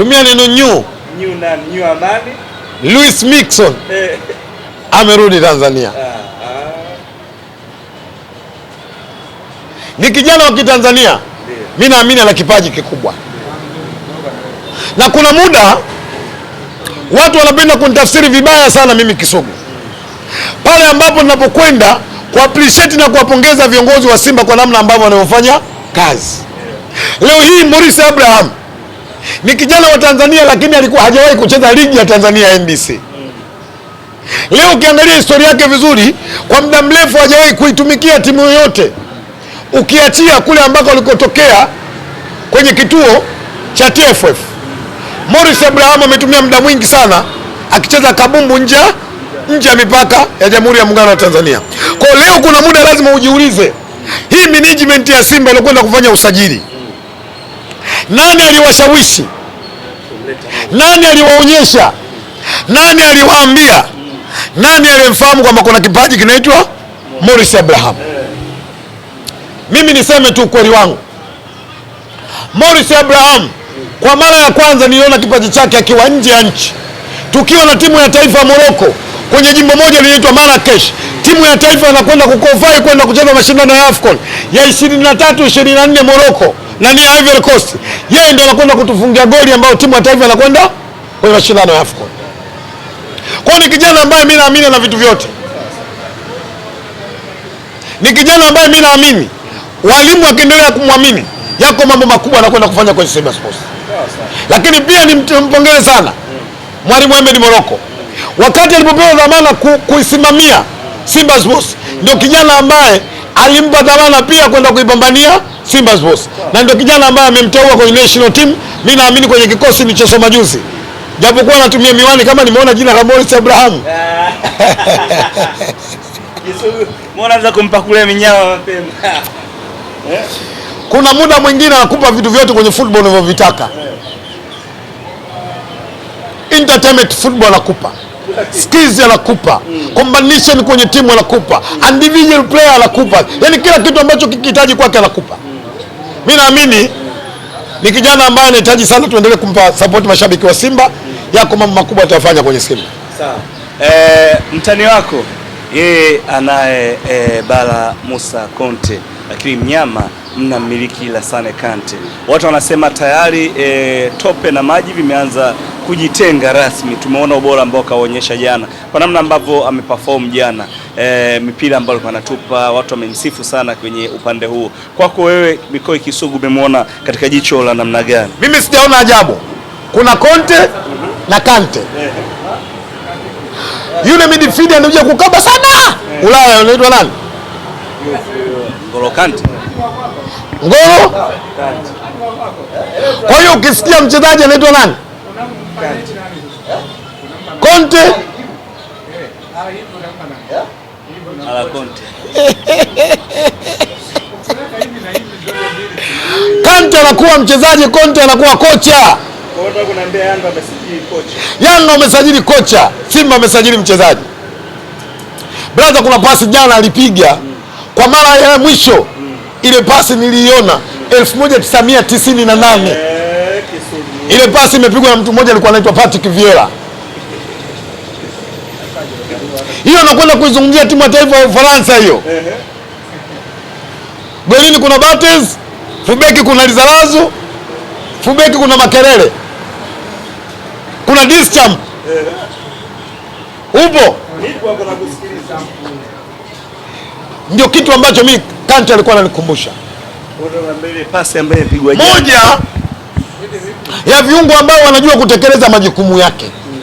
tumia neno new. New nani? New amani. Louis Mixon eh. amerudi Tanzania. Ah, ah, Ni kijana wa Kitanzania, mi naamini ana kipaji kikubwa, na kuna muda watu wanapenda kunitafsiri vibaya sana mimi Kisugu, pale ambapo ninapokwenda kwa appreciate na kuwapongeza viongozi wa Simba kwa namna ambavyo wanavyofanya kazi. Leo hii Morris Abraham ni kijana wa Tanzania, lakini alikuwa hajawahi kucheza ligi ya Tanzania NBC. Leo ukiangalia historia yake vizuri, kwa muda mrefu hajawahi kuitumikia timu yoyote, ukiachia kule ambako alikotokea kwenye kituo cha TFF. Morris Abraham ametumia muda mwingi sana akicheza kabumbu nje nje ya mipaka ya Jamhuri ya Muungano wa Tanzania. Kwa leo kuna muda lazima ujiulize, hii management ya Simba ilikwenda kufanya usajili nani aliwashawishi? Nani aliwaonyesha? Nani aliwaambia? Nani aliyemfahamu kwamba kuna kipaji kinaitwa Morris Abraham? Mimi niseme tu ukweli wangu, Morris Abraham kwa mara ya kwanza niliona kipaji chake akiwa nje ya nchi, tukiwa na timu ya taifa ya Morocco kwenye jimbo moja linaitwa Marrakesh. Timu ya taifa inakwenda kukofai kwenda kucheza mashindano ya AFCON ya 23 24 Morocco na ni Ivory Coast. Yeye ndo anakwenda kutufungia goli ambayo timu ya taifa inakwenda kwenye mashindano ya AFCON. Kwa ni kijana ambaye mimi naamini na vitu vyote, ni kijana ambaye mimi naamini walimu wakiendelea kumwamini, yako mambo makubwa anakwenda kufanya kwenye Simba Sports. Lakini pia nimpongeze sana mwalimu Ahmed Moroko wakati alipopewa dhamana ku, kuisimamia Simba Sports, ndio kijana ambaye alimpa dhamana pia kwenda kuipambania Simba Sports, na ndio kijana ambaye amemteua kwenye national team. Mimi naamini kwenye kikosi nilichosoma juzi, japokuwa anatumia miwani kama nimeona jina la Morris Abraham kuna muda mwingine anakupa vitu vyote kwenye football unavyovitaka, entertainment football anakupa skills anakupa combination kwenye timu anakupa individual player anakupa, Yaani kila kitu ambacho kikihitaji kwake anakupa mi naamini ni kijana ambaye anahitaji sana, tuendelee kumpa support mashabiki wa Simba. Yako mambo makubwa atayofanya kwenye Simba. Sawa. E, mtani wako yeye anaye e, Bala Musa Conte, lakini mnyama mna mmiliki la Sane Kante. Watu wanasema tayari e, tope na maji vimeanza kujitenga rasmi. Tumeona ubora ambao kaonyesha jana kwa namna ambavyo ameperform jana e, mipira ambayo alikuwa anatupa, watu wamemsifu sana kwenye upande huo. Kwako wewe Mikoi Kisugu umemwona katika jicho la namna gani? Mimi sijaona ajabu. Kuna konte na Kante Yule midfield anakuja kukaba sana Ulaya anaitwa nani? Ngolo Kante. Ngolo Kwa hiyo ukisikia mchezaji anaitwa nani? Kante. Ala Conte. Kante anakuwa mchezaji, Conte anakuwa kocha. Yanga umesajili kocha, Simba amesajili mchezaji. Brother, kuna pasi jana alipiga kwa mara ya mwisho ile pasi niliiona 1998 eh, ile pasi imepigwa na mtu mmoja alikuwa anaitwa Patrick Vieira hiyo nakwenda kuizungumzia timu ya taifa ya Ufaransa hiyo. Golini kuna Bates, fubeki kuna Lizarazu, fubeki kuna Makerere, kuna Discham eh. upo ndio kitu ambacho mimi Kante alikuwa ananikumbusha. Moja ya viungo ambao wanajua kutekeleza majukumu yake, mm.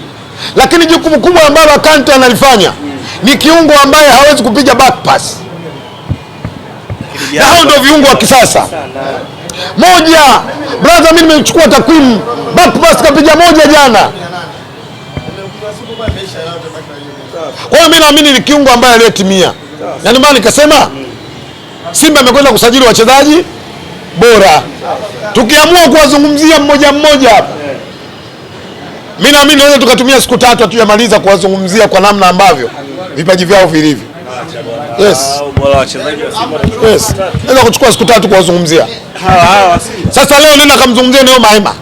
lakini jukumu kubwa ambalo Kante analifanya ni kiungo ambaye hawezi kupiga back pass, na hao ndio viungo wa kisasa. Moja brother, mimi nimechukua takwimu, back pass kapiga moja jana. Kwa hiyo mimi naamini ni kiungo ambaye aliyetimia, na ndio maana nikasema Simba imekwenda kusajili wachezaji bora. Tukiamua kuwazungumzia mmoja mmoja hapa, mimi naamini naweza tukatumia siku tatu hatujamaliza kuwazungumzia kwa namna ambavyo vipaji vyao vilivyo. Yes. Yes. Naweza kuchukua siku tatu kuwazungumzia. Sasa leo nenda kamzungumzia neo Maema.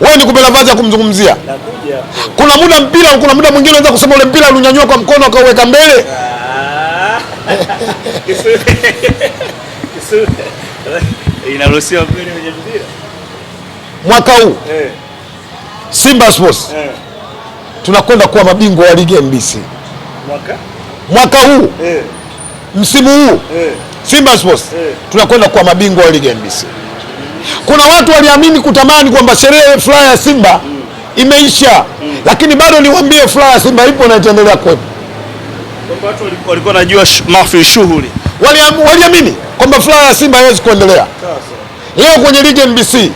Wewe ni kupela vazi ya kumzungumzia. Kuna muda mpira, kuna muda mwingine unaweza kusema ule mpira ulinyanyua kwa mkono akauweka mbele. Mwaka huu eh. Simba Sports eh. tunakwenda kuwa mabingwa wa ligi ya NBC mwaka, mwaka huu eh, msimu huu eh, Simba Sports eh, tunakwenda kuwa mabingwa wa ligi ya NBC. Kuna watu waliamini kutamani kwamba sherehe furaha ya Simba mm. imeisha mm. lakini bado niwaambie furaha ya Simba ipo na itaendelea kuwepo. Watu walikuwa wanajua mafi shughuli, waliamini kwamba furaha ya Simba haiwezi kuendelea. Leo kwenye ligi NBC mm.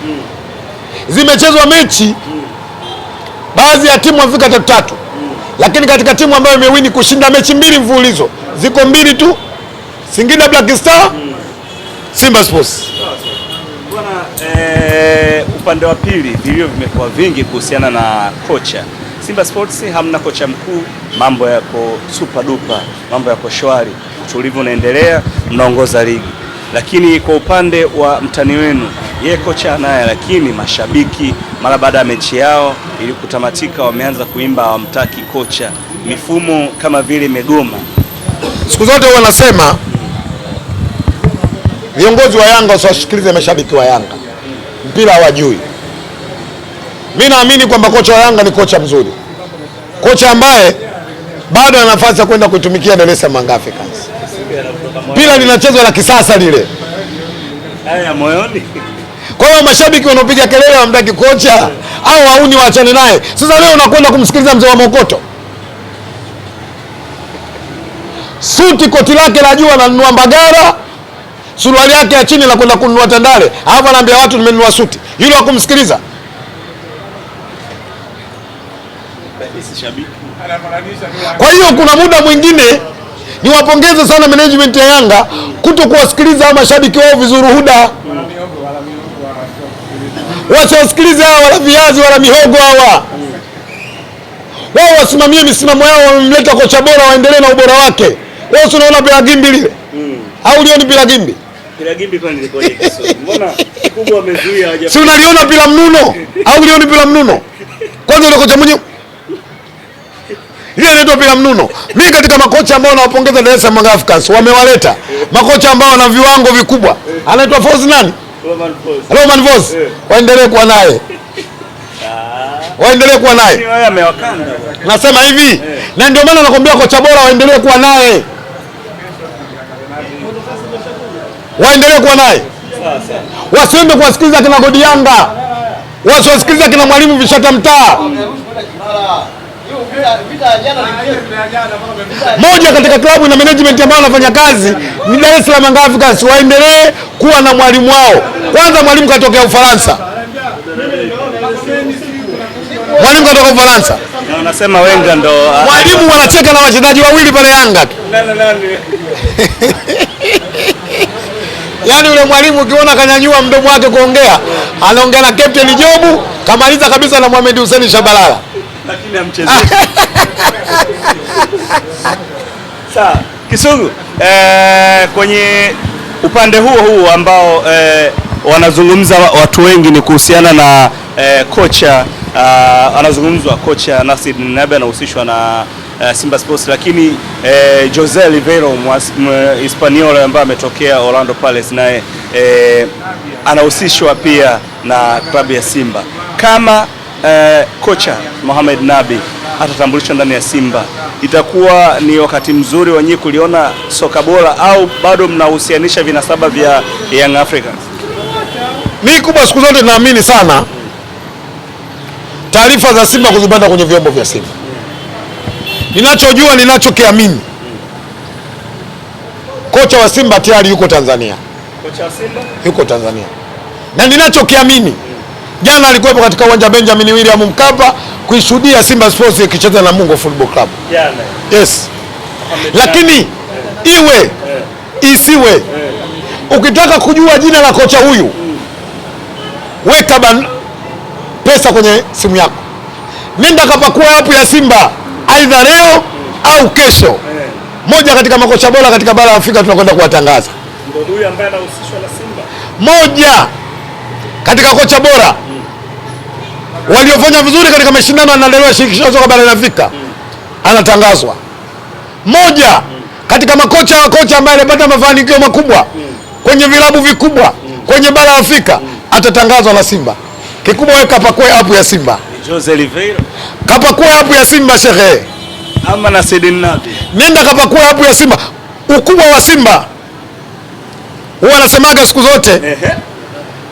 zimechezwa mechi mm. baadhi ya timu wafika tatu tatu lakini katika timu ambayo imewini kushinda mechi mbili mfululizo, ziko mbili tu, Singida Black Star, Simba Sports. Bwana eh, upande wa pili vilio vimekuwa vingi kuhusiana na kocha Simba Sports, hamna kocha mkuu, mambo yako super dupa, mambo yako shwari, utulivu unaendelea, mnaongoza ligi, lakini kwa upande wa mtani wenu yeye kocha naye, lakini mashabiki mara baada ya mechi yao ili kutamatika, wameanza kuimba hawamtaki kocha. Mifumo kama vile imegoma. Siku zote wanasema viongozi wa Yanga wasiwasikilize mashabiki wa Yanga, mpira hawajui. Mimi naamini kwamba kocha wa Yanga ni kocha mzuri, kocha ambaye bado ana nafasi ya kwenda kuitumikia Dar es Salaam Young Africans. Mpira linachezwa la kisasa lile. Haya moyoni. Kwa hiyo mashabiki wanaopiga kelele hawamtaki kocha au wauni waachane naye. Sasa leo unakwenda kumsikiliza mzee wa Mokoto, suti koti lake la juu ananunua Mbagara, suruali yake ya chini nakwenda kununua Tandale, alafu anaambia watu nimenunua suti. Yule wa kumsikiliza kwa hiyo kuna muda mwingine niwapongeze sana management ya Yanga kuto kuwasikiliza mashabiki wao vizuri. Huda Wasiwasikilize hawa wala viazi wala mihogo hawa wao wasimamie misimamo yao. Wamemleta kocha bora, waendelee na ubora wake. Wewe unaona bila gimbi lile mm. au lioni bila gimbi bila gimbi kwani liko nini? Mbona kubwa amezuia haja, si unaliona bila mnuno au lioni bila mnuno? Kwanza ile kocha mwenyewe ile inaitwa bila mnuno. Mimi katika makocha ambao nawapongeza Dar es Salaam Africans wamewaleta makocha ambao wana viwango vikubwa, anaitwa Force nani Roman eh. waendelee kuwa naye ah. waendelee kuwa naye, nasema hivi eh. na ndio maana nakwambia kocha bora waendelee kuwa naye, waendelee kuwa naye, wasiende kuwasikiliza kina Godi Yanga, wasiwasikiliza kina mwalimu Vishata Mtaa. Moja katika klabu na management ambayo wanafanya kazi ni Dar es Salaam Young Africans, waendelee kuwa na mwalimu wao. Kwanza mwalimu katokea Ufaransa, mwalimu katokea Ufaransa. Wanasema Wenga ndo uh, mwalimu, wanacheka na wachezaji wawili pale Yanga tu yaani yule mwalimu ukiona kanyanyua mdomo wake kuongea, anaongea na Captain Jobu, kamaliza kabisa na Mohamed Hussein Shabalala lakini amchezeshe sawa. Kisugu, eh, kwenye upande huo huo ambao eh, wanazungumza watu wengi ni kuhusiana na eh, kocha Uh, anazungumzwa kocha Nasir Nabe anahusishwa na uh, Simba Sports, lakini eh, Jose Oliveira Hispaniola ambaye ametokea Orlando Palace naye eh, anahusishwa pia na klabu ya Simba. Kama eh, kocha Mohamed Nabi atatambulishwa ndani ya Simba, itakuwa ni wakati mzuri wenyewe kuliona soka bora, au bado mnahusianisha vinasaba vya Young Africans? Mi kubwa, siku zote naamini sana taarifa za Simba kuzipata kwenye vyombo vya Simba. Ninachojua, ninachokiamini, kocha wa Simba tayari yuko Tanzania, kocha wa Simba yuko Tanzania, na ninachokiamini Jana alikuwepo katika uwanja Benjamin William Mkapa kuishuhudia Simba Sports ikicheza na Mungo Football Club. Jana. Yes. Lakini eh. iwe eh. isiwe, eh. ukitaka kujua jina la kocha huyu hmm. weka ban pesa kwenye simu yako, nenda kapakua apu ya Simba aidha leo hmm. au kesho. Moja katika makocha bora katika bara la Afrika tunakwenda kuwatangaza, moja katika kocha bora waliofanya vizuri katika mashindano yanaendelea shirikisho soka barani Afrika anatangazwa moja katika makocha wa kocha ambaye alipata mafanikio makubwa kwenye vilabu vikubwa kwenye bara la Afrika atatangazwa na Simba. Kikubwa wewe kapakue hapo ya Simba, Jose Oliveira kapakue hapo ya Simba shehe, ama na Sidin Nabi nenda kapakue hapo ya Simba. Ukubwa wa Simba huwa anasemaga siku zote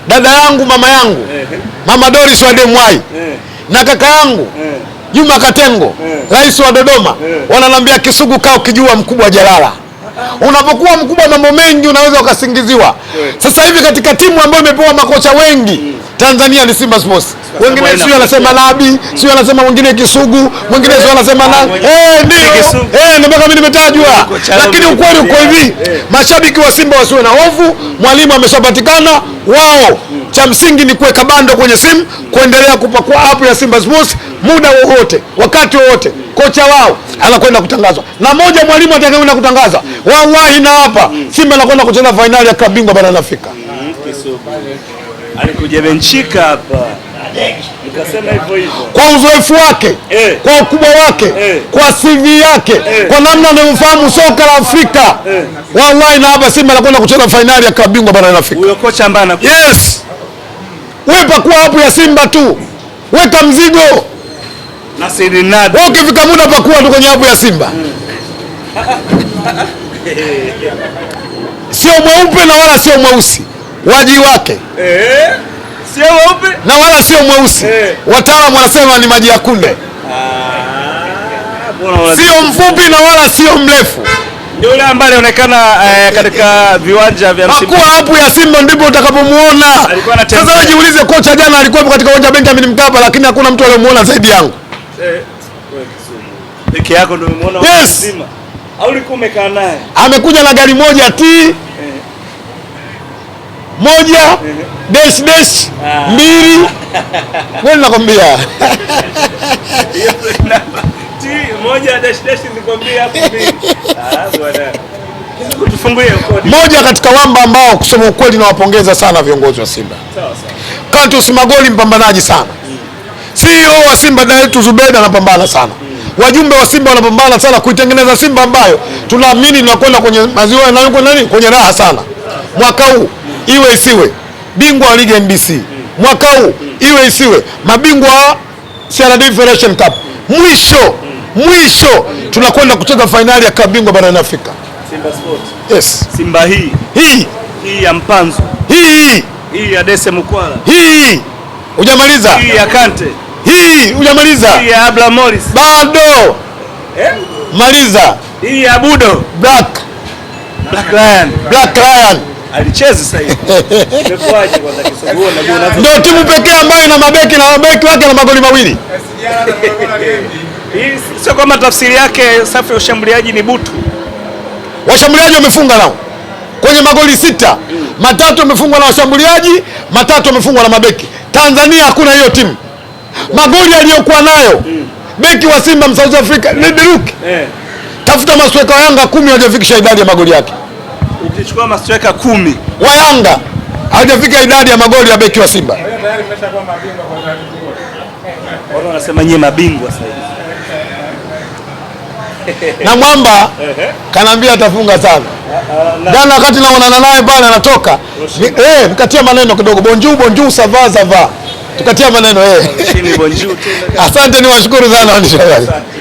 dada yangu, mama yangu, eh. mama Doris wa Demwai eh. na kaka yangu eh. Juma Katengo, rais wa Dodoma, wananiambia Kisugu, kaa ukijua mkubwa jalala Unapokuwa mkubwa mambo mengi unaweza ukasingiziwa. Sasa hivi katika timu ambayo imepewa makocha wengi hmm. Tanzania ni Simba Sports. Wengine sio anasema Labi, sio anasema mwingine Kisugu, mwingine sio anasema na eh, eh, ndio eh, ndio mimi nimetajwa. Lakini ukweli uko hivi, mashabiki wa Simba wasiwe na hofu, mwalimu ameshapatikana. Wao cha msingi ni kuweka bando kwenye simu, kuendelea kupakua app ya Simba Sports muda wowote, wakati wowote, kocha wao anakwenda kutangazwa na moja, mwalimu atakayeenda kutangaza, wallahi na hapa Simba anakwenda kucheza fainali ya klabu bingwa barani Afrika. Mm, alikujevenchika hapa nikasema hivyo hivyo, kwa uzoefu wake eh, kwa ukubwa wake eh, kwa CV yake eh, kwa namna anavyofahamu soka la Afrika eh, wallahi na hapa Simba anakwenda kucheza fainali ya klabu bingwa barani Afrika. Huyo kocha ambaye anakuwa yes, wepa kuwa hapo ya Simba tu, weka mzigo na siri nadi wewe, ukifika muda pakuwa tu kwenye hapo ya Simba hmm. sio mweupe na wala sio mweusi waji wake eh, sio weupe na wala sio mweusi eh. Wataalamu wanasema ni maji ya kunde ah, sio mfupi na wala sio mrefu ndio yule ambaye anaonekana eh, katika viwanja vya Simba. Hakuwa hapo ya Simba ndipo utakapomuona. Sasa wewe jiulize kocha jana alikuwa hapo katika uwanja Benjamin Mkapa lakini hakuna mtu aliyemuona zaidi yangu. Eh. Peke yako ndio umemuona yes. Simba. Au ulikuwa umekaa naye? Amekuja na gari moja ti. Eh. Ah. moja dash dash mbili, ah, wewe nakwambia moja katika wamba ambao kusema ukweli nawapongeza sana viongozi wa Simba. Clatous Magoli mpambanaji sana, mm. CEO wa Simba Daitu Zubeda anapambana sana mm. wajumbe wa Simba wanapambana sana kuitengeneza Simba ambayo mm. tunaamini inakwenda kwenye maziwa na kwenye raha sana mwaka huu iwe isiwe bingwa wa ligi NBC mwaka huu iwe isiwe mabingwa wa CRDB Federation Cup. Mwisho mwisho tunakwenda kucheza fainali ya klabu bingwa barani Afrika. Simba Sport. Yes. Simba hii hii hii ya Mpanzo hii hii ya Dese Mkwala hii hujamaliza, hii ya Kante hii hujamaliza, hii ya Abla Morris bado eh? Maliza hii ya Budo Black Black Lion Black Lion Ndio timu pekee ambayo ina mabeki na mabeki wake na magoli mawili. Sio kama tafsiri yake safi ya ushambuliaji ni butu. Washambuliaji wamefunga nao kwenye magoli sita, mm. matatu yamefungwa na washambuliaji, matatu yamefungwa na mabeki. Tanzania hakuna hiyo timu. Magoli aliyokuwa nayo mm. beki wa Simba msouth Africa ni Biruki. Eh. Tafuta masweka Yanga kumi hajafikisha idadi ya magoli yake. Tulichukua mastreka kumi wa Yanga, hajafika idadi ya magoli ya beki wa Simba. Wao wanasema nyie mabingwa sasa Na mwamba kanaambia atafunga sana ah, ah, jana, wakati naonana naye pale anatoka eh, nikatia maneno kidogo, bonjuu bonjuu sava sava, tukatia maneno eh. Asante, niwashukuru sana waandishi habari.